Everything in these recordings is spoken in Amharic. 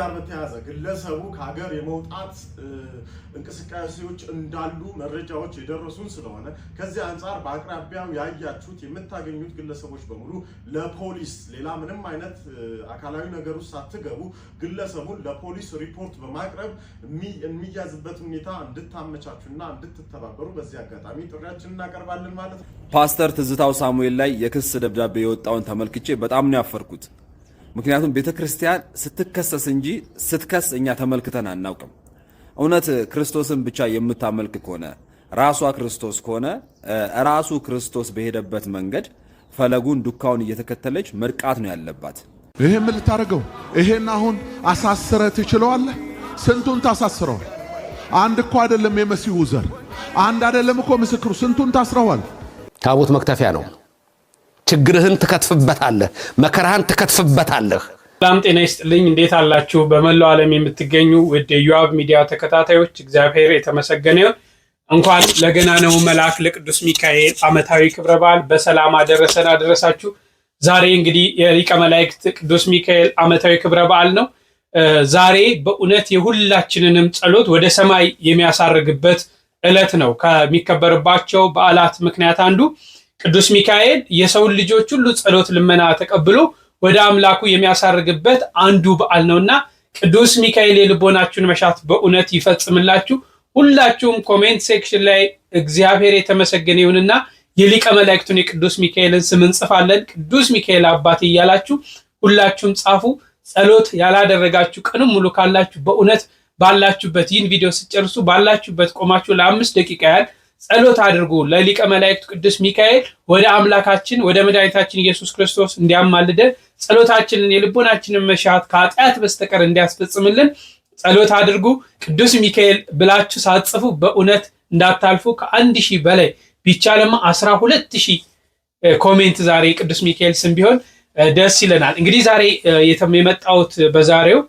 ጋር በተያያዘ ግለሰቡ ከሀገር የመውጣት እንቅስቃሴዎች እንዳሉ መረጃዎች የደረሱን ስለሆነ ከዚህ አንጻር በአቅራቢያው ያያችሁት የምታገኙት ግለሰቦች በሙሉ ለፖሊስ ሌላ ምንም አይነት አካላዊ ነገር ውስጥ ሳትገቡ ግለሰቡን ለፖሊስ ሪፖርት በማቅረብ የሚያዝበት ሁኔታ እንድታመቻቹና እንድትተባበሩ በዚህ አጋጣሚ ጥሪያችን እናቀርባለን ማለት ነው። ፓስተር ትዝታው ሳሙኤል ላይ የክስ ደብዳቤ የወጣውን ተመልክቼ በጣም ነው ያፈርኩት። ምክንያቱም ቤተ ክርስቲያን ስትከሰስ እንጂ ስትከስ እኛ ተመልክተን አናውቅም። እውነት ክርስቶስን ብቻ የምታመልክ ከሆነ ራሷ ክርስቶስ ከሆነ ራሱ ክርስቶስ በሄደበት መንገድ ፈለጉን ዱካውን እየተከተለች መርቃት ነው ያለባት። ይሄ ምን ልታደርገው? ይሄን አሁን አሳስረ ትችለዋለ? ስንቱን ታሳስረዋል? አንድ እኮ አይደለም የመሲሁ ዘር አንድ አይደለም እኮ ምስክሩ፣ ስንቱን ታስረዋል? ታቦት መክተፊያ ነው። ችግርህን ትከትፍበታለህ፣ መከራህን ትከትፍበታለህ። ሰላም ጤና ይስጥልኝ። እንዴት አላችሁ? በመላው ዓለም የምትገኙ ውድ የዮአብ ሚዲያ ተከታታዮች እግዚአብሔር የተመሰገነ ይሁን። እንኳን ለገናናው መልአክ ለቅዱስ ሚካኤል ዓመታዊ ክብረ በዓል በሰላም አደረሰን አደረሳችሁ። ዛሬ እንግዲህ የሊቀ መላእክት ቅዱስ ሚካኤል ዓመታዊ ክብረ በዓል ነው። ዛሬ በእውነት የሁላችንንም ጸሎት ወደ ሰማይ የሚያሳርግበት ዕለት ነው። ከሚከበርባቸው በዓላት ምክንያት አንዱ ቅዱስ ሚካኤል የሰውን ልጆች ሁሉ ጸሎት፣ ልመና ተቀብሎ ወደ አምላኩ የሚያሳርግበት አንዱ በዓል ነውና ቅዱስ ሚካኤል የልቦናችሁን መሻት በእውነት ይፈጽምላችሁ። ሁላችሁም ኮሜንት ሴክሽን ላይ እግዚአብሔር የተመሰገነ ይሁንና የሊቀ መላእክቱን የቅዱስ ሚካኤልን ስም እንጽፋለን። ቅዱስ ሚካኤል አባት እያላችሁ ሁላችሁም ጻፉ። ጸሎት ያላደረጋችሁ ቀንም ሙሉ ካላችሁ በእውነት ባላችሁበት ይህን ቪዲዮ ስጨርሱ ባላችሁበት ቆማችሁ ለአምስት ደቂቃ ያህል ጸሎት አድርጉ ለሊቀ መላእክት ቅዱስ ሚካኤል ወደ አምላካችን ወደ መድኃኒታችን ኢየሱስ ክርስቶስ እንዲያማልደን ጸሎታችንን የልቦናችንን መሻት ከኃጢአት በስተቀር እንዲያስፈጽምልን ጸሎት አድርጉ። ቅዱስ ሚካኤል ብላችሁ ሳትጽፉ በእውነት እንዳታልፉ። ከአንድ ሺህ በላይ ቢቻልማ አስራ ሁለት ሺህ ኮሜንት ዛሬ ቅዱስ ሚካኤል ስም ቢሆን ደስ ይለናል። እንግዲህ ዛሬ የመጣሁት በዛሬው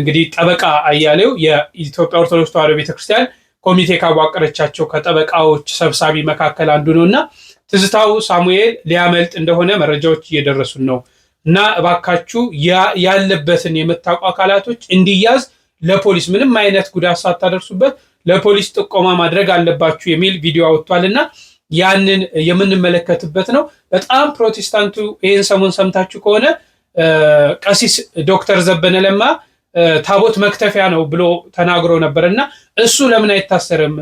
እንግዲህ ጠበቃ አያሌው የኢትዮጵያ ኦርቶዶክስ ተዋሕዶ ቤተክርስቲያን ኮሚቴ ካዋቀረቻቸው ከጠበቃዎች ሰብሳቢ መካከል አንዱ ነው እና ትዝታው ሳሙኤል ሊያመልጥ እንደሆነ መረጃዎች እየደረሱን ነው እና እባካችሁ ያለበትን የምታውቁ አካላቶች እንዲያዝ ለፖሊስ ምንም አይነት ጉዳት ሳታደርሱበት ለፖሊስ ጥቆማ ማድረግ አለባችሁ የሚል ቪዲዮ አወጥቷል እና ያንን የምንመለከትበት ነው። በጣም ፕሮቴስታንቱ ይህን ሰሞን ሰምታችሁ ከሆነ ቀሲስ ዶክተር ዘበነ ለማ ታቦት መክተፊያ ነው ብሎ ተናግሮ ነበር እና እሱ ለምን አይታሰርም?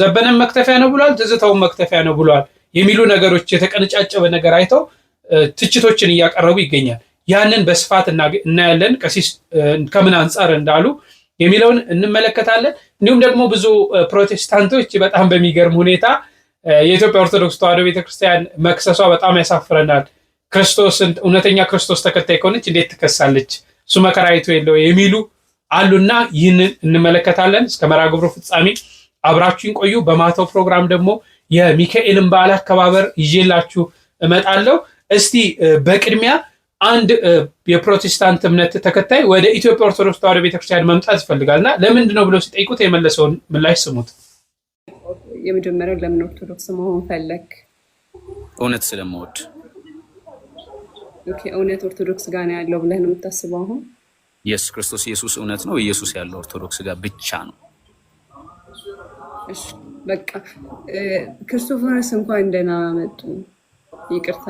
ዘበነም መክተፊያ ነው ብሏል፣ ትዝታውን መክተፊያ ነው ብሏል የሚሉ ነገሮች የተቀነጫጨበ ነገር አይተው ትችቶችን እያቀረቡ ይገኛል። ያንን በስፋት እናያለን። ቀሲስ ከምን አንጻር እንዳሉ የሚለውን እንመለከታለን። እንዲሁም ደግሞ ብዙ ፕሮቴስታንቶች በጣም በሚገርም ሁኔታ የኢትዮጵያ ኦርቶዶክስ ተዋሕዶ ቤተክርስቲያን መክሰሷ በጣም ያሳፍረናል። ክርስቶስ እውነተኛ ክርስቶስ ተከታይ ከሆነች እንዴት ትከሳለች? እሱ መከራ አይቶ የለው የሚሉ አሉና ይህንን እንመለከታለን። እስከ መርሃ ግብሩ ፍጻሜ አብራችሁን ቆዩ። በማታው ፕሮግራም ደግሞ የሚካኤልን በዓል አከባበር ይዤላችሁ እመጣለሁ። እስቲ በቅድሚያ አንድ የፕሮቴስታንት እምነት ተከታይ ወደ ኢትዮጵያ ኦርቶዶክስ ተዋሕዶ ቤተክርስቲያን መምጣት ይፈልጋል እና ለምንድን ነው ብለው ሲጠይቁት የመለሰውን ምላሽ ስሙት። የመጀመሪያው ለምን ኦርቶዶክስ መሆን ፈለግ? እውነት ስለምወድ እውነት ኦርቶዶክስ ጋር ነው ያለው ብለህ ነው የምታስበው? አሁን ኢየሱስ ክርስቶስ ኢየሱስ እውነት ነው። ኢየሱስ ያለው ኦርቶዶክስ ጋር ብቻ ነው። በቃ ክርስቶፈርስ እንኳን ደህና መጡ። ይቅርታ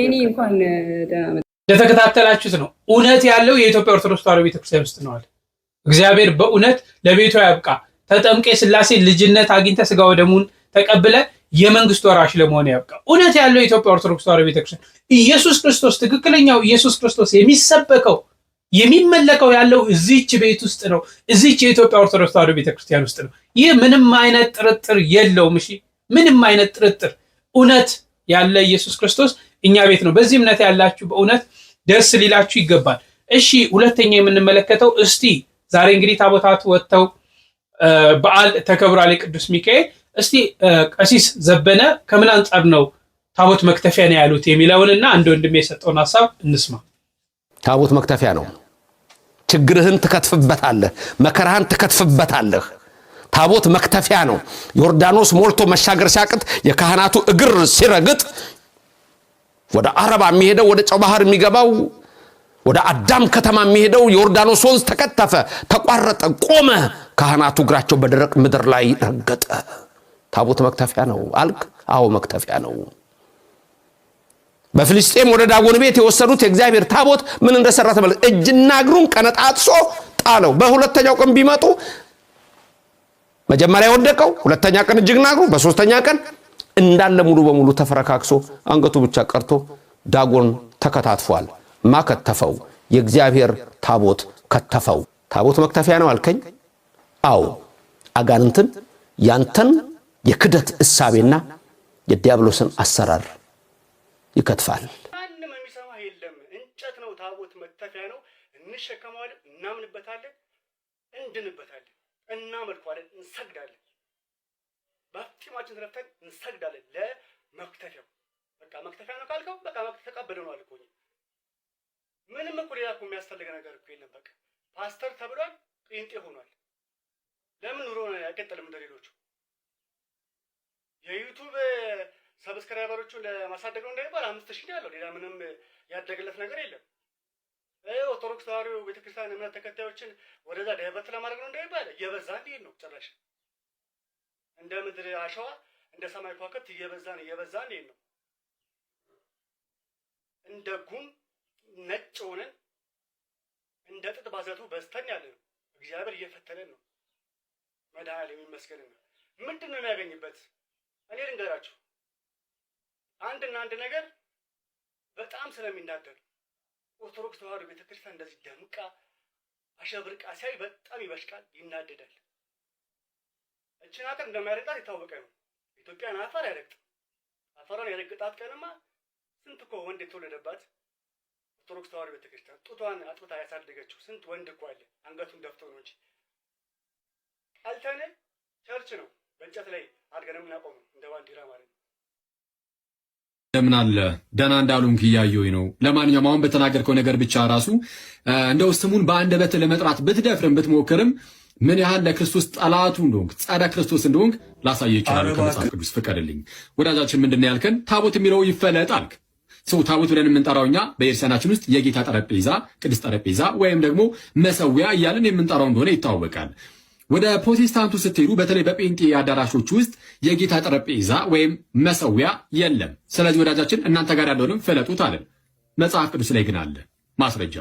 እንደተከታተላችሁት ነው። እውነት ያለው የኢትዮጵያ ኦርቶዶክስ ተዋሕዶ ቤተክርስቲያን ውስጥ ነዋል። እግዚአብሔር በእውነት ለቤቷ ያብቃ። ተጠምቄ ስላሴ ልጅነት አግኝተ ስጋ ወደሙን ተቀብለ የመንግስት ወራሽ ለመሆን ያብቃ። እውነት ያለው የኢትዮጵያ ኦርቶዶክስ ተዋሕዶ ቤተክርስቲያን ኢየሱስ ክርስቶስ ትክክለኛው ኢየሱስ ክርስቶስ የሚሰበከው የሚመለከው ያለው እዚች ቤት ውስጥ ነው። እዚች የኢትዮጵያ ኦርቶዶክስ ተዋህዶ ቤተክርስቲያን ውስጥ ነው። ይህ ምንም አይነት ጥርጥር የለውም። እሺ፣ ምንም አይነት ጥርጥር እውነት ያለ ኢየሱስ ክርስቶስ እኛ ቤት ነው። በዚህ እምነት ያላችሁ በእውነት ደስ ሊላችሁ ይገባል። እሺ፣ ሁለተኛ የምንመለከተው እስቲ ዛሬ እንግዲህ ታቦታቱ ወጥተው በዓል ተከብሯል የቅዱስ ሚካኤል እስቲ ቀሲስ ዘበነ ከምን አንጻር ነው ታቦት መክተፊያ ነው ያሉት የሚለውንና አንድ ወንድሜ የሰጠውን ሀሳብ እንስማ። ታቦት መክተፊያ ነው። ችግርህን ትከትፍበታለህ፣ መከራህን ትከትፍበታለህ። ታቦት መክተፊያ ነው። ዮርዳኖስ ሞልቶ መሻገር ሲያቅት የካህናቱ እግር ሲረግጥ ወደ አረባ የሚሄደው ወደ ጨው ባህር የሚገባው ወደ አዳም ከተማ የሚሄደው ዮርዳኖስ ወንዝ ተከተፈ፣ ተቋረጠ፣ ቆመ። ካህናቱ እግራቸው በደረቅ ምድር ላይ ረገጠ። ታቦት መክተፊያ ነው አልክ? አዎ መክተፊያ ነው። በፍልስጤም ወደ ዳጎን ቤት የወሰዱት የእግዚአብሔር ታቦት ምን እንደሰራ ተመለ እጅና እግሩን ቀነጣጥሶ ጣለው። በሁለተኛው ቀን ቢመጡ መጀመሪያ የወደቀው ሁለተኛ ቀን እጅግና እግሩ፣ በሶስተኛ ቀን እንዳለ ሙሉ በሙሉ ተፈረካክሶ አንገቱ ብቻ ቀርቶ ዳጎን ተከታትፏል። ማ ከተፈው? የእግዚአብሔር ታቦት ከተፈው። ታቦት መክተፊያ ነው አልከኝ? አዎ አጋንንትን ያንተን የክደት እሳቤና የዲያብሎስን አሰራር ይከትፋል። ማንም የሚሰማ የለም። እንጨት ነው፣ ታቦት መተፊያ ነው። እንሸከመዋለን፣ እናምንበታለን፣ እንድንበታለን፣ እናመልኳለን፣ እንሰግዳለን። በፍቲማችን ተረፍተን እንሰግዳለን ለመክተፊያው። በቃ መክተፊያ ነው ካልከው በቃ ተቀበደ ነው አልኮ ምንም እኮ ሌላ እኮ የሚያስፈልገ ነገር እኮ የለም። በቃ ፓስተር ተብሏል፣ ጴንጤ ሆኗል። ለምን ኑሮ አይቀጥልም እንደ የዩቱብ eh, ሰብስክራይበሮቹን ለማሳደግ ነው እንደሚባል አምስት ሺህ ነው ያለው። ሌላ ምንም eh, ያደገለት ነገር የለም። ኦርቶዶክስ ተዋሕዶ ቤተክርስቲያን እምነት ተከታዮችን ወደዛ ደህበት ለማድረግ ነው እንደሚባል እየበዛ እንዲሄድ ነው። ጭራሽ እንደ ምድር አሸዋ እንደ ሰማይ ከዋክብት እየበዛን እየበዛ እንዲሄድ ነው። እንደ ጉም ነጭ ሆነን እንደ ጥጥ ባዘቱ በዝተን ያለ ነው። እግዚአብሔር እየፈተለን ነው። መድኃኔዓለም ይመስገን። ምንድን ነው የሚያገኝበት? እኔ ልንገራችሁ አንድና አንድ ነገር በጣም ስለሚናደዱ ኦርቶዶክስ ተዋህዶ ቤተክርስቲያን እንደዚህ ደምቃ አሸብርቃ ሲያይ በጣም ይበሽቃል፣ ይናደዳል። እችን አጥር እንደማያረግጣት የታወቀ ነው። ኢትዮጵያን አፈር አይረግጥም። አፈሯን ያረግጣት ቀንማ ስንት እኮ ወንድ የተወለደባት ኦርቶዶክስ ተዋህዶ ቤተክርስቲያን ጡቷን አጥብታ ያሳደገችው ስንት ወንድ እኮ አለ አንገቱን ደፍቶ ነው እንጂ ቀልተን ቸርች ነው በእንጨት ላይ አድርገን የምናቆመው እንደ ባንዲራ ማለት ነው። እንደምን አለ ደህና እንዳሉም እያየሁኝ ነው። ለማንኛውም አሁን በተናገርከው ነገር ብቻ ራሱ እንደው ስሙን በአንደበት ለመጥራት ብትደፍርም ብትሞክርም ምን ያህል ለክርስቶስ ጠላቱ እንደሆንክ ጸረ ክርስቶስ እንደሆንክ ላሳየህ እችላለሁ ከመጽሐፍ ቅዱስ ፍቀድልኝ። ወዳጃችን ምንድን ያልከን? ታቦት የሚለው ይፈለጥ አልክ። ሰው ታቦት ብለን የምንጠራው እኛ በኤርሰናችን ውስጥ የጌታ ጠረጴዛ፣ ቅዱስ ጠረጴዛ ወይም ደግሞ መሰዊያ እያልን የምንጠራው እንደሆነ ይታወቃል። ወደ ፕሮቴስታንቱ ስትሄዱ በተለይ በጴንጤ አዳራሾች ውስጥ የጌታ ጠረጴዛ ወይም መሰዊያ የለም። ስለዚህ ወዳጃችን እናንተ ጋር ያለውንም ፈለጡት አለን። መጽሐፍ ቅዱስ ላይ ግን አለ ማስረጃ።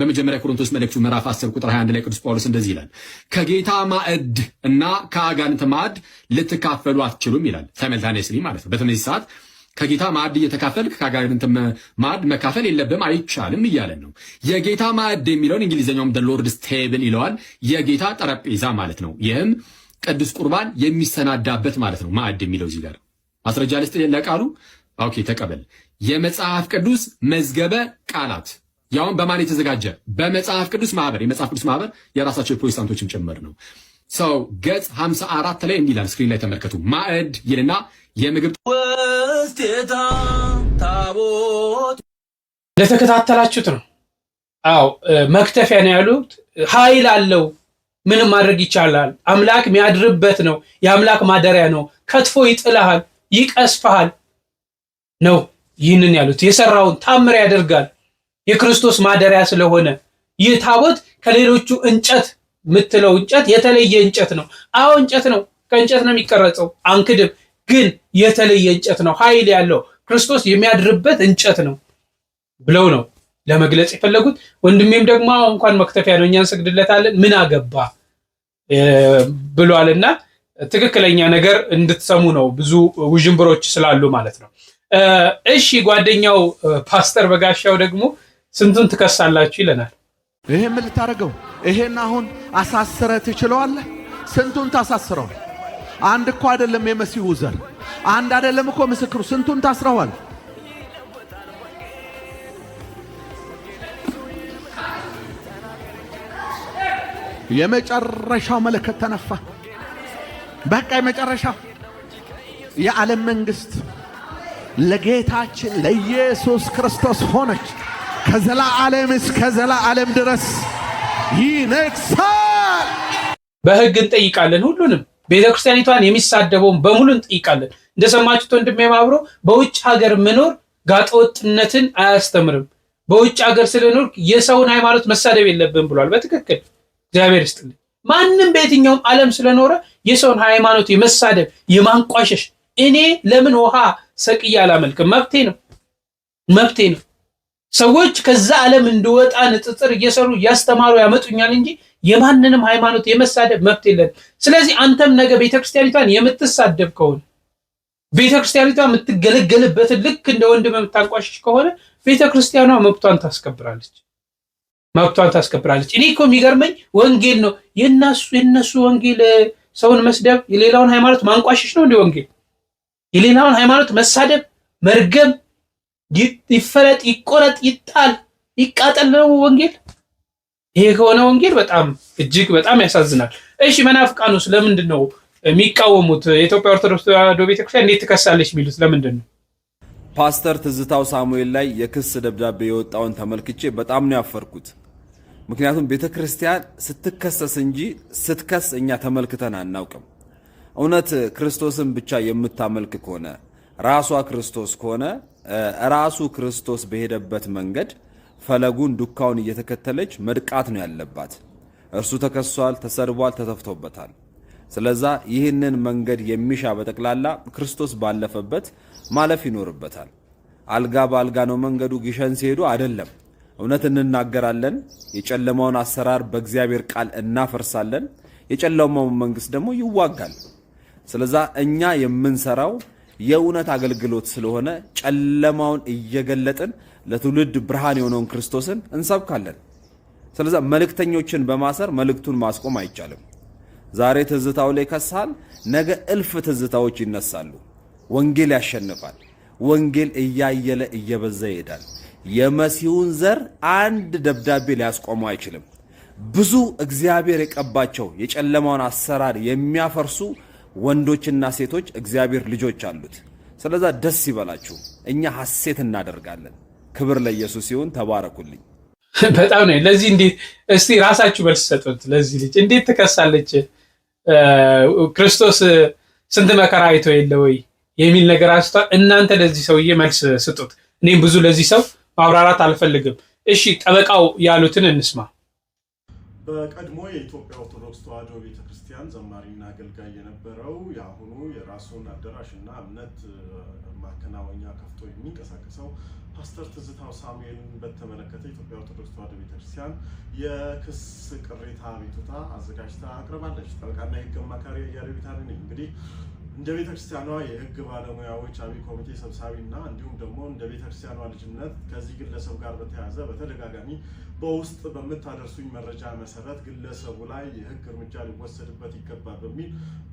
በመጀመሪያ ቆሮንቶስ መልእክቱ ምዕራፍ 10 ቁጥር 21 ላይ ቅዱስ ጳውሎስ እንደዚህ ይላል፣ ከጌታ ማዕድ እና ከአጋንንት ማዕድ ልትካፈሉ አትችሉም ይላል። ሳይመልታኔስሊ ማለት ነው በተመዚህ ሰዓት ከጌታ ማዕድ እየተካፈልክ ከአጋንንት ማዕድ መካፈል የለብም አይቻልም እያለን ነው። የጌታ ማዕድ የሚለውን እንግሊዝኛውም ደ ሎርድስ ቴብል ይለዋል። የጌታ ጠረጴዛ ማለት ነው። ይህም ቅዱስ ቁርባን የሚሰናዳበት ማለት ነው። ማዕድ የሚለው እዚህ ጋር ማስረጃ ልስጥ ለቃሉ። ኦኬ ተቀበል። የመጽሐፍ ቅዱስ መዝገበ ቃላት ያውም በማን የተዘጋጀ በመጽሐፍ ቅዱስ ማህበር። የመጽሐፍ ቅዱስ ማህበር የራሳቸው የፕሮቴስታንቶችም ጭምር ነው። ሰው ገጽ 54 ላይ እንዲላል ስክሪን ላይ ተመልከቱ። ማዕድ ይልና የምግብ ለተከታተላችሁት ነው። አዎ መክተፊያ ነው ያሉት። ኃይል አለው። ምንም ማድረግ ይቻላል። አምላክ የሚያድርበት ነው። የአምላክ ማደሪያ ነው። ከትፎ ይጥልሃል፣ ይቀስፈሃል ነው ይህንን ያሉት። የሰራውን ታምር ያደርጋል። የክርስቶስ ማደሪያ ስለሆነ ይህ ታቦት ከሌሎቹ እንጨት የምትለው እንጨት የተለየ እንጨት ነው። አዎ እንጨት ነው፣ ከእንጨት ነው የሚቀረጸው። አንክድም፣ ግን የተለየ እንጨት ነው፣ ኃይል ያለው ክርስቶስ የሚያድርበት እንጨት ነው ብለው ነው ለመግለጽ የፈለጉት። ወንድሜም ደግሞ አሁን እንኳን መክተፊያ ነው፣ እኛ ስግድለታለን ምን አገባ ብሏልና ትክክለኛ ነገር እንድትሰሙ ነው። ብዙ ውዥንብሮች ስላሉ ማለት ነው። እሺ ጓደኛው ፓስተር በጋሻው ደግሞ ስንቱን ትከሳላችሁ ይለናል። ይሄ ምን ልታደርገው? ይሄን አሁን አሳስረ ትችለዋለህ? ስንቱን ታሳስረው? አንድ እኮ አይደለም የመሲሁ ዘር አንድ አይደለም እኮ ምስክሩ፣ ስንቱን ታስረዋል? የመጨረሻው መለከት ተነፋ። በቃ የመጨረሻው የዓለም መንግሥት ለጌታችን ለኢየሱስ ክርስቶስ ሆነች። ከዘላለም እስከ ዘላለም ድረስ ይነግሳል። በህግ እንጠይቃለን። ሁሉንም ቤተክርስቲያኒቷን የሚሳደበውን በሙሉ እንጠይቃለን። እንደሰማችሁት ወንድሜ ማብሮ በውጭ ሀገር መኖር ጋጠወጥነትን አያስተምርም። በውጭ ሀገር ስለኖር የሰውን ሃይማኖት መሳደብ የለብን ብሏል። በትክክል እግዚአብሔር ይስጥልኝ። ማንም በየትኛውም ዓለም ስለኖረ የሰውን ሃይማኖት የመሳደብ የማንቋሸሽ እኔ ለምን ውሃ ሰቅዬ አላመልክም? መብቴ ነው፣ መብቴ ነው። ሰዎች ከዛ ዓለም እንደወጣ ንጽጽር እየሰሩ እያስተማሩ ያመጡኛል እንጂ የማንንም ሃይማኖት የመሳደብ መብት የለን። ስለዚህ አንተም ነገ ቤተክርስቲያኒቷን የምትሳደብ ከሆነ ቤተክርስቲያኒቷ የምትገለገልበትን ልክ እንደ ወንድም የምታንቋሽሽ ከሆነ ቤተክርስቲያኗ መብቷን ታስከብራለች መብቷን ታስከብራለች። እኔ እኮ የሚገርመኝ ወንጌል ነው የእነሱ ወንጌል። ሰውን መስደብ፣ የሌላውን ሃይማኖት ማንቋሸሽ ነው እንዲ ወንጌል። የሌላውን ሃይማኖት መሳደብ፣ መርገም ይፈለጥ፣ ይቆረጥ፣ ይጣል፣ ይቃጠል ነው ወንጌል? ይሄ ከሆነ ወንጌል በጣም እጅግ በጣም ያሳዝናል። እሺ መናፍቃኑስ ለምንድን ነው የሚቃወሙት? የኢትዮጵያ ኦርቶዶክስ ተዋሕዶ ቤተክርስቲያን እንዴት ትከሳለች የሚሉት ለምንድን ነው? ፓስተር ትዝታው ሳሙኤል ላይ የክስ ደብዳቤ የወጣውን ተመልክቼ በጣም ነው ያፈርኩት። ምክንያቱም ቤተ ክርስቲያን ስትከሰስ እንጂ ስትከስ እኛ ተመልክተን አናውቅም። እውነት ክርስቶስን ብቻ የምታመልክ ከሆነ ራሷ ክርስቶስ ከሆነ ራሱ ክርስቶስ በሄደበት መንገድ ፈለጉን ዱካውን እየተከተለች መድቃት ነው ያለባት። እርሱ ተከሷል፣ ተሰድቧል፣ ተተፍቶበታል። ስለዛ ይህንን መንገድ የሚሻ በጠቅላላ ክርስቶስ ባለፈበት ማለፍ ይኖርበታል። አልጋ በአልጋ ነው መንገዱ። ግሸን ሲሄዱ አይደለም። እውነት እንናገራለን። የጨለማውን አሰራር በእግዚአብሔር ቃል እናፈርሳለን። የጨለማውን መንግስት ደግሞ ይዋጋል። ስለዛ እኛ የምንሰራው የእውነት አገልግሎት ስለሆነ ጨለማውን እየገለጥን ለትውልድ ብርሃን የሆነውን ክርስቶስን እንሰብካለን። ስለዚ መልእክተኞችን በማሰር መልእክቱን ማስቆም አይቻልም። ዛሬ ትዝታው ላይ ከሳል፣ ነገ እልፍ ትዝታዎች ይነሳሉ። ወንጌል ያሸንፋል። ወንጌል እያየለ እየበዛ ይሄዳል። የመሲሁን ዘር አንድ ደብዳቤ ሊያስቆመው አይችልም። ብዙ እግዚአብሔር የቀባቸው የጨለማውን አሰራር የሚያፈርሱ ወንዶችና ሴቶች እግዚአብሔር ልጆች አሉት። ስለዛ ደስ ይበላችሁ፣ እኛ ሐሴት እናደርጋለን። ክብር ለኢየሱስ ይሁን። ተባረኩልኝ። በጣም ነው። ለዚህ እንዴት እስቲ ራሳችሁ መልስ ሰጡት። ለዚህ ልጅ እንዴት ትከሳለች? ክርስቶስ ስንት መከራ አይቶ የለ ወይ የሚል ነገር አንስቷል። እናንተ ለዚህ ሰውዬ መልስ ስጡት። እኔም ብዙ ለዚህ ሰው ማብራራት አልፈልግም። እሺ ጠበቃው ያሉትን እንስማ። በቀድሞ የኢትዮጵያ ኦርቶዶክስ ተዋሕዶ ቤተክርስቲያን ዘማሪና አገልጋይ የነበረው የአሁኑ የራሱን አዳራሽና እምነት ማከናወኛ ከፍቶ የሚንቀሳቀሰው ፓስተር ትዝታው ሳሙኤልን በተመለከተ ኢትዮጵያ ኦርቶዶክስ ተዋሕዶ ቤተክርስቲያን የክስ ቅሬታ አቤቱታ አዘጋጅታ አቅርባለች። ጠበቃና የህግ አማካሪ አያሌው ቢታኒ ነኝ። እንግዲህ እንደ ቤተክርስቲያኗ የህግ ባለሙያዎች አብይ ኮሚቴ እና እንዲሁም ደግሞ እንደ ቤተክርስቲያኗ ልጅነት ከዚህ ግለሰብ ጋር በተያያዘ በተደጋጋሚ በውስጥ በምታደርሱኝ መረጃ መሰረት ግለሰቡ ላይ የህግ እርምጃ ሊወሰድበት ይገባል በሚል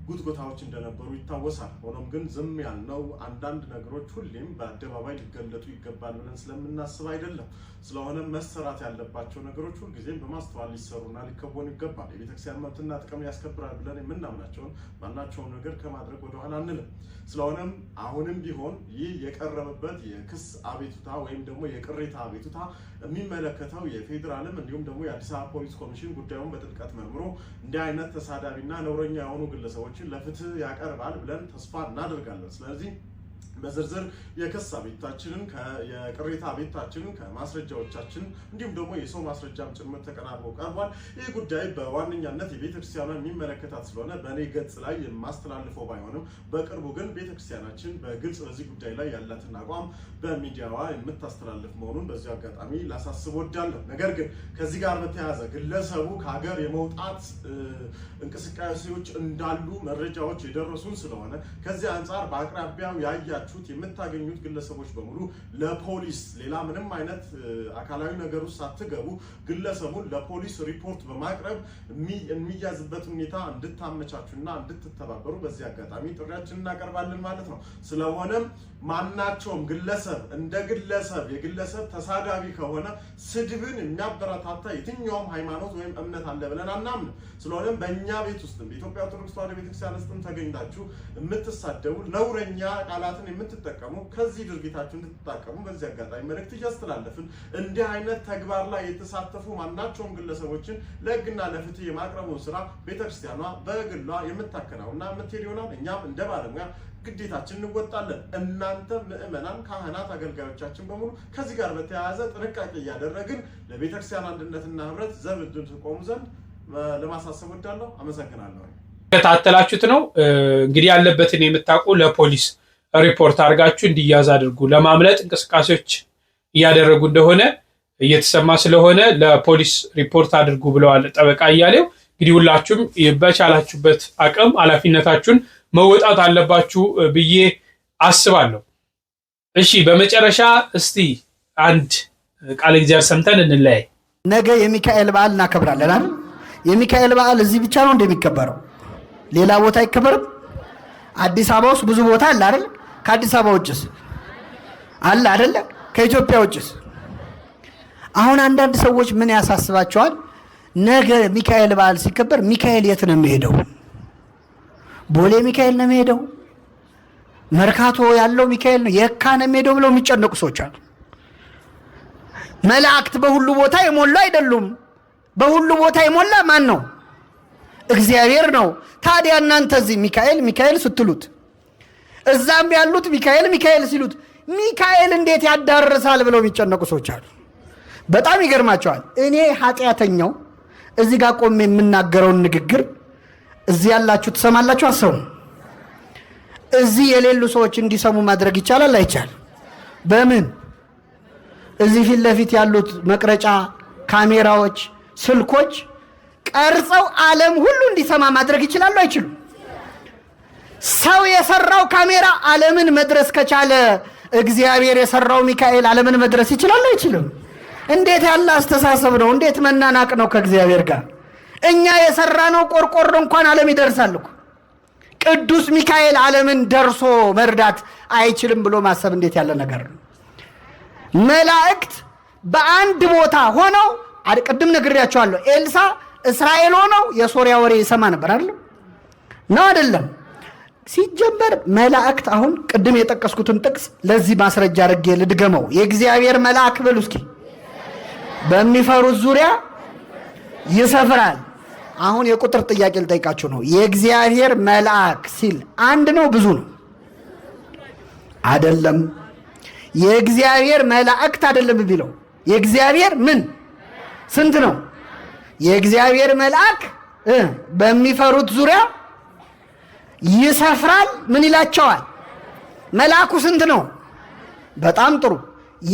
ጉትጎታዎች እንደነበሩ ይታወሳል። ሆኖም ግን ዝም ያልነው አንዳንድ ነገሮች ሁሌም በአደባባይ ሊገለጡ ይገባል ብለን ስለምናስብ አይደለም። ስለሆነ መሰራት ያለባቸው ነገሮች ሁልጊዜም በማስተዋል ሊሰሩና ሊከወኑ ይገባል። የቤተክርስቲያን መብትና ጥቅም ያስከብራል ብለን የምናምናቸውን ማናቸውን ነገር ከማድረግ ወደኋላ አንልም። ስለሆነም አሁንም ቢሆን ይህ የቀረበበት የክስ አቤቱታ ወይም ደግሞ የቅሬታ አቤቱታ የሚመለከተው የፌዴራልም እንዲሁም ደግሞ የአዲስ አበባ ፖሊስ ኮሚሽን ጉዳዩን በጥልቀት መርምሮ እንዲህ አይነት ተሳዳቢና ነውረኛ የሆኑ ግለሰቦችን ለፍትህ ያቀርባል ብለን ተስፋ እናደርጋለን። ስለዚህ በዝርዝር የክስ አቤታችንን የቅሬታ አቤታችንን ከማስረጃዎቻችን እንዲሁም ደግሞ የሰው ማስረጃም ጭምር ተቀራርቦ ቀርቧል። ይህ ጉዳይ በዋነኛነት የቤተክርስቲያኗ የሚመለከታት ስለሆነ በእኔ ገጽ ላይ የማስተላልፈው ባይሆንም በቅርቡ ግን ቤተክርስቲያናችን በግልጽ በዚህ ጉዳይ ላይ ያላትን አቋም በሚዲያዋ የምታስተላልፍ መሆኑን በዚሁ አጋጣሚ ላሳስብ ወዳለሁ። ነገር ግን ከዚህ ጋር በተያያዘ ግለሰቡ ከሀገር የመውጣት እንቅስቃሴዎች እንዳሉ መረጃዎች የደረሱን ስለሆነ ከዚህ አንጻር በአቅራቢያው ያያቸው የፈለጋችሁት የምታገኙት ግለሰቦች በሙሉ ለፖሊስ ሌላ ምንም አይነት አካላዊ ነገር ውስጥ ሳትገቡ ግለሰቡን ለፖሊስ ሪፖርት በማቅረብ የሚያዝበት ሁኔታ እንድታመቻቹና እንድትተባበሩ በዚህ አጋጣሚ ጥሪያችን እናቀርባለን ማለት ነው። ስለሆነም ማናቸውም ግለሰብ እንደ ግለሰብ የግለሰብ ተሳዳቢ ከሆነ ስድብን የሚያበረታታ የትኛውም ሃይማኖት ወይም እምነት አለ ብለን አናምን። ስለሆነም በእኛ ቤት ውስጥም በኢትዮጵያ ኦርቶዶክስ ተዋሕዶ ቤተክርስቲያን ውስጥም ተገኝታችሁ የምትሳደቡ ነውረኛ ቃላትን የምትጠቀሙ ከዚህ ድርጊታችሁ እንድትታቀሙ በዚህ አጋጣሚ መልእክት እያስተላለፍን እንዲህ አይነት ተግባር ላይ የተሳተፉ ማናቸውም ግለሰቦችን ለህግና ለፍትህ የማቅረቡን ስራ ቤተክርስቲያኗ በግሏ የምታከናውና የምትሄድ ይሆናል። እኛም እንደ ባለሙያ ግዴታችን እንወጣለን። እናንተ ምእመናን ካህናት፣ አገልጋዮቻችን በሙሉ ከዚህ ጋር በተያያዘ ጥንቃቄ እያደረግን ለቤተክርስቲያን አንድነትና ህብረት ዘብ እንድትቆሙ ዘንድ ለማሳሰብ ወዳለሁ። አመሰግናለሁ። ከታተላችሁት ነው እንግዲህ ያለበትን የምታውቁ ለፖሊስ ሪፖርት አድርጋችሁ እንዲያዝ አድርጉ። ለማምለጥ እንቅስቃሴዎች እያደረጉ እንደሆነ እየተሰማ ስለሆነ ለፖሊስ ሪፖርት አድርጉ ብለዋል ጠበቃ እያሌው። እንግዲህ ሁላችሁም በቻላችሁበት አቅም ኃላፊነታችሁን መወጣት አለባችሁ ብዬ አስባለሁ። እሺ፣ በመጨረሻ እስቲ አንድ ቃል እግዚአብሔር ሰምተን እንለያይ። ነገ የሚካኤል በዓል እናከብራለን አይደል? የሚካኤል በዓል እዚህ ብቻ ነው እንደሚከበረው ሌላ ቦታ አይከበርም። አዲስ አበባ ውስጥ ብዙ ቦታ አለ አይደል? ከአዲስ አበባ ውጭስ አለ አደለ? ከኢትዮጵያ ውጭስ? አሁን አንዳንድ ሰዎች ምን ያሳስባቸዋል? ነገ ሚካኤል በዓል ሲከበር ሚካኤል የት ነው የሚሄደው? ቦሌ ሚካኤል ነው የሚሄደው? መርካቶ ያለው ሚካኤል ነው የካ ነው የሚሄደው ብለው የሚጨነቁ ሰዎች አሉ። መላእክት በሁሉ ቦታ የሞሉ አይደሉም። በሁሉ ቦታ የሞላ ማን ነው? እግዚአብሔር ነው። ታዲያ እናንተ እዚህ ሚካኤል ሚካኤል ስትሉት እዛም ያሉት ሚካኤል ሚካኤል ሲሉት ሚካኤል እንዴት ያዳርሳል ብለው የሚጨነቁ ሰዎች አሉ። በጣም ይገርማቸዋል። እኔ ኃጢአተኛው እዚህ ጋር ቆሜ የምናገረውን ንግግር እዚህ ያላችሁ ትሰማላችሁ። አሰቡ። እዚህ የሌሉ ሰዎች እንዲሰሙ ማድረግ ይቻላል አይቻል? በምን እዚህ ፊት ለፊት ያሉት መቅረጫ ካሜራዎች፣ ስልኮች ቀርጸው ዓለም ሁሉ እንዲሰማ ማድረግ ይችላሉ አይችሉም? ሰው የሰራው ካሜራ ዓለምን መድረስ ከቻለ እግዚአብሔር የሰራው ሚካኤል ዓለምን መድረስ ይችላል አይችልም? እንዴት ያለ አስተሳሰብ ነው! እንዴት መናናቅ ነው ከእግዚአብሔር ጋር! እኛ የሰራነው ቆርቆሮ እንኳን ዓለም ይደርሳል እኮ ቅዱስ ሚካኤል ዓለምን ደርሶ መርዳት አይችልም ብሎ ማሰብ እንዴት ያለ ነገር ነው! መላእክት በአንድ ቦታ ሆነው ቅድም ነግሬያቸዋለሁ። ኤልሳ እስራኤል ሆነው የሶሪያ ወሬ ይሰማ ነበር አይደለም? ነው አይደለም? ሲጀመር መላእክት አሁን ቅድም የጠቀስኩትን ጥቅስ ለዚህ ማስረጃ አድርጌ ልድገመው። የእግዚአብሔር መልአክ በሉ እስኪ በሚፈሩት ዙሪያ ይሰፍራል። አሁን የቁጥር ጥያቄ ልጠይቃችሁ ነው። የእግዚአብሔር መልአክ ሲል አንድ ነው ብዙ ነው? አይደለም። የእግዚአብሔር መላእክት አይደለም ቢለው የእግዚአብሔር ምን ስንት ነው? የእግዚአብሔር መልአክ በሚፈሩት ዙሪያ ይሰፍራል። ምን ይላቸዋል? መልአኩ ስንት ነው? በጣም ጥሩ።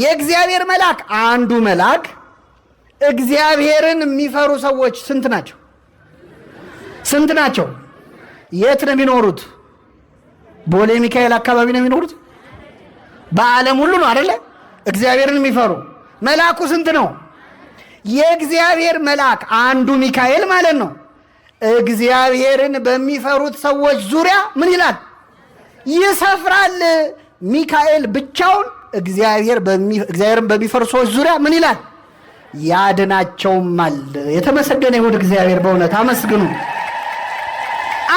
የእግዚአብሔር መልአክ አንዱ መልአክ። እግዚአብሔርን የሚፈሩ ሰዎች ስንት ናቸው? ስንት ናቸው? የት ነው የሚኖሩት? ቦሌ ሚካኤል አካባቢ ነው የሚኖሩት። በዓለም ሁሉ ነው አደለ? እግዚአብሔርን የሚፈሩ መልአኩ ስንት ነው? የእግዚአብሔር መልአክ አንዱ ሚካኤል ማለት ነው። እግዚአብሔርን በሚፈሩት ሰዎች ዙሪያ ምን ይላል? ይሰፍራል። ሚካኤል ብቻውን እግዚአብሔርን በሚፈሩ ሰዎች ዙሪያ ምን ይላል? ያድናቸውማል። የተመሰገነ ይሁን እግዚአብሔር። በእውነት አመስግኑ።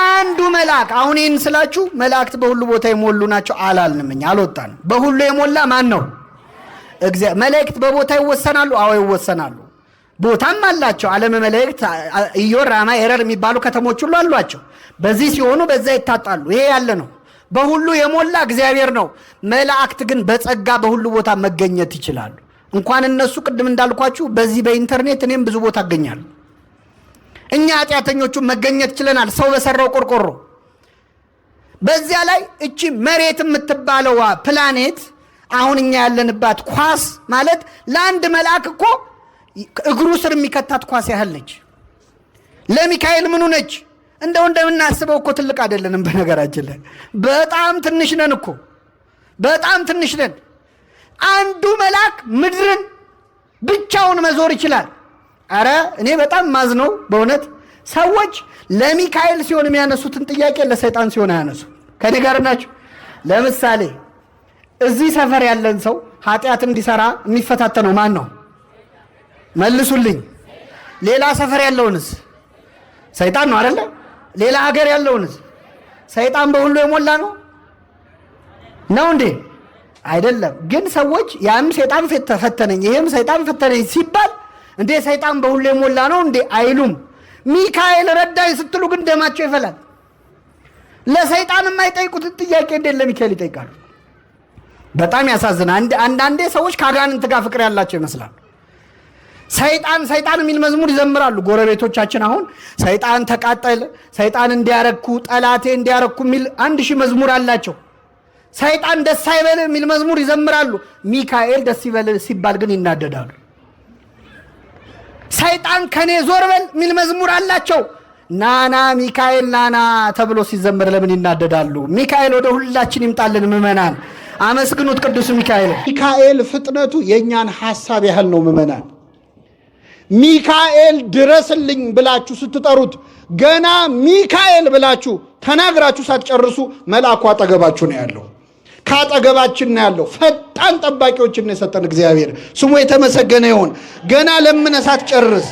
አንዱ መልአክ አሁን ይህን ስላችሁ መላእክት በሁሉ ቦታ የሞሉ ናቸው አላልንም። እኛ አልወጣን። በሁሉ የሞላ ማን ነው? መላእክት በቦታ ይወሰናሉ? አዎ ይወሰናሉ። ቦታም አላቸው። አለም መላእክት፣ ኢዮር፣ ራማ፣ ኤረር የሚባሉ ከተሞች ሁሉ አሏቸው። በዚህ ሲሆኑ በዛ ይታጣሉ። ይሄ ያለ ነው። በሁሉ የሞላ እግዚአብሔር ነው። መላእክት ግን በጸጋ በሁሉ ቦታ መገኘት ይችላሉ። እንኳን እነሱ ቅድም እንዳልኳችሁ በዚህ በኢንተርኔት እኔም ብዙ ቦታ አገኛሉ። እኛ ኃጢአተኞቹ መገኘት ችለናል፣ ሰው በሰራው ቆርቆሮ። በዚያ ላይ እቺ መሬት የምትባለዋ ፕላኔት አሁን እኛ ያለንባት ኳስ ማለት ለአንድ መልአክ እኮ እግሩ ስር የሚከታት ኳስ ያህል ነች። ለሚካኤል ምኑ ነች? እንደው እንደምናስበው እኮ ትልቅ አይደለንም። በነገራችን ላይ በጣም ትንሽ ነን እኮ በጣም ትንሽ ነን። አንዱ መልአክ ምድርን ብቻውን መዞር ይችላል። አረ እኔ በጣም ማዝነው በእውነት ሰዎች ለሚካኤል ሲሆን የሚያነሱትን ጥያቄ ለሰይጣን ሲሆን አያነሱ። ከኔ ጋር ናቸው። ለምሳሌ እዚህ ሰፈር ያለን ሰው ኃጢአት እንዲሰራ የሚፈታተነው ማን ነው? መልሱልኝ። ሌላ ሰፈር ያለውንስ ሰይጣን ነው አይደለ? ሌላ ሀገር ያለውንስ ሰይጣን በሁሉ የሞላ ነው ነው እንዴ? አይደለም። ግን ሰዎች ያም ሰይጣን ፈተነኝ ይህም ሰይጣን ፈተነኝ ሲባል እንዴ ሰይጣን በሁሉ የሞላ ነው እንዴ አይሉም። ሚካኤል ረዳኝ ስትሉ ግን ደማቸው ይፈላል። ለሰይጣን የማይጠይቁትን ጥያቄ እንዴት ለሚካኤል ይጠይቃሉ? በጣም ያሳዝናል። አንዳንዴ ሰዎች ከአጋንንት ጋር ፍቅር ያላቸው ይመስላል። ሰይጣን ሰይጣን የሚል መዝሙር ይዘምራሉ ጎረቤቶቻችን። አሁን ሰይጣን ተቃጠል፣ ሰይጣን እንዲያረኩ፣ ጠላቴ እንዲያረኩ የሚል አንድ ሺህ መዝሙር አላቸው። ሰይጣን ደስ አይበል የሚል መዝሙር ይዘምራሉ። ሚካኤል ደስ ይበል ሲባል ግን ይናደዳሉ። ሰይጣን ከኔ ዞር በል የሚል መዝሙር አላቸው። ናና ሚካኤል ናና ተብሎ ሲዘመር ለምን ይናደዳሉ? ሚካኤል ወደ ሁላችን ይምጣልን። ምዕመናን አመስግኑት ቅዱስ ሚካኤል። ሚካኤል ፍጥነቱ የእኛን ሀሳብ ያህል ነው ምዕመናን ሚካኤል ድረስልኝ ብላችሁ ስትጠሩት ገና ሚካኤል ብላችሁ ተናግራችሁ ሳትጨርሱ መልአኩ አጠገባችሁ ነው ያለው። ካጠገባችን ነው ያለው። ፈጣን ጠባቂዎችን ነው የሰጠን እግዚአብሔር ስሙ የተመሰገነ ይሁን። ገና ለምነ ሳትጨርስ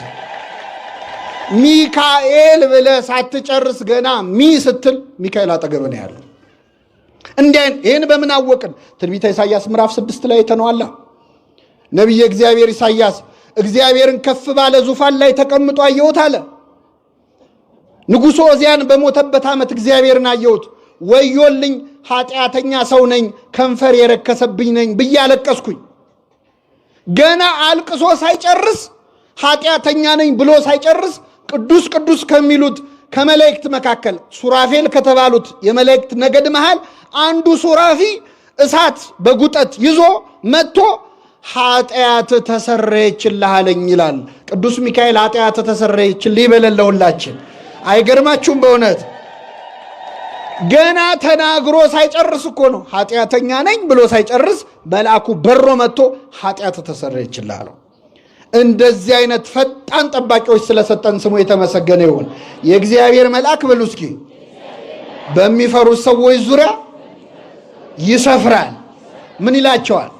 ሚካኤል ብለ ሳትጨርስ ገና ሚ ስትል ሚካኤል አጠገብ ነው ያለው። እንዲ ይህን በምን አወቅን? ትንቢተ ኢሳያስ ምዕራፍ ስድስት ላይ የተነዋላ ነቢየ እግዚአብሔር ኢሳያስ እግዚአብሔርን ከፍ ባለ ዙፋን ላይ ተቀምጦ አየሁት አለ። ንጉሶ እዚያን በሞተበት ዓመት እግዚአብሔርን አየሁት። ወዮልኝ ኃጢአተኛ ሰው ነኝ፣ ከንፈር የረከሰብኝ ነኝ ብዬ አለቀስኩኝ። ገና አልቅሶ ሳይጨርስ ኃጢአተኛ ነኝ ብሎ ሳይጨርስ ቅዱስ ቅዱስ ከሚሉት ከመላእክት መካከል ሱራፌል ከተባሉት የመላእክት ነገድ መሃል አንዱ ሱራፊ እሳት በጉጠት ይዞ መጥቶ ኃጢአት ተሰረየችልሃለኝ ይላል ቅዱስ ሚካኤል። ኃጢአት ተሰረየችል ይበለን አይገርማችሁም? በእውነት ገና ተናግሮ ሳይጨርስ እኮ ነው ኃጢአተኛ ነኝ ብሎ ሳይጨርስ መልአኩ በሮ መጥቶ ኃጢአት ተሰረየችልሃለሁ። እንደዚህ አይነት ፈጣን ጠባቂዎች ስለሰጠን ስሙ የተመሰገነ ይሁን። የእግዚአብሔር መልአክ በሉ እስኪ በሚፈሩት ሰዎች ዙሪያ ይሰፍራል። ምን ይላቸዋል?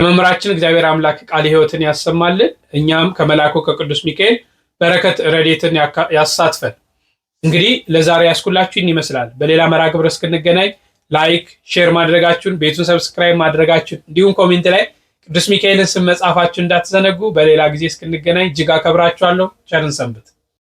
ለመምህራችን እግዚአብሔር አምላክ ቃል ሕይወትን ያሰማልን። እኛም ከመላኮ ከቅዱስ ሚካኤል በረከት ረዴትን ያሳትፈን። እንግዲህ ለዛሬ ያስኩላችሁን ይመስላል። በሌላ መርሃ ግብር እስክንገናኝ ላይክ፣ ሼር ማድረጋችሁን፣ ቤቱን ሰብስክራይብ ማድረጋችሁን እንዲሁም ኮሜንት ላይ ቅዱስ ሚካኤልን ስም መጻፋችሁን እንዳትዘነጉ። በሌላ ጊዜ እስክንገናኝ እጅግ አከብራችኋለሁ። ቸርን ሰንብት።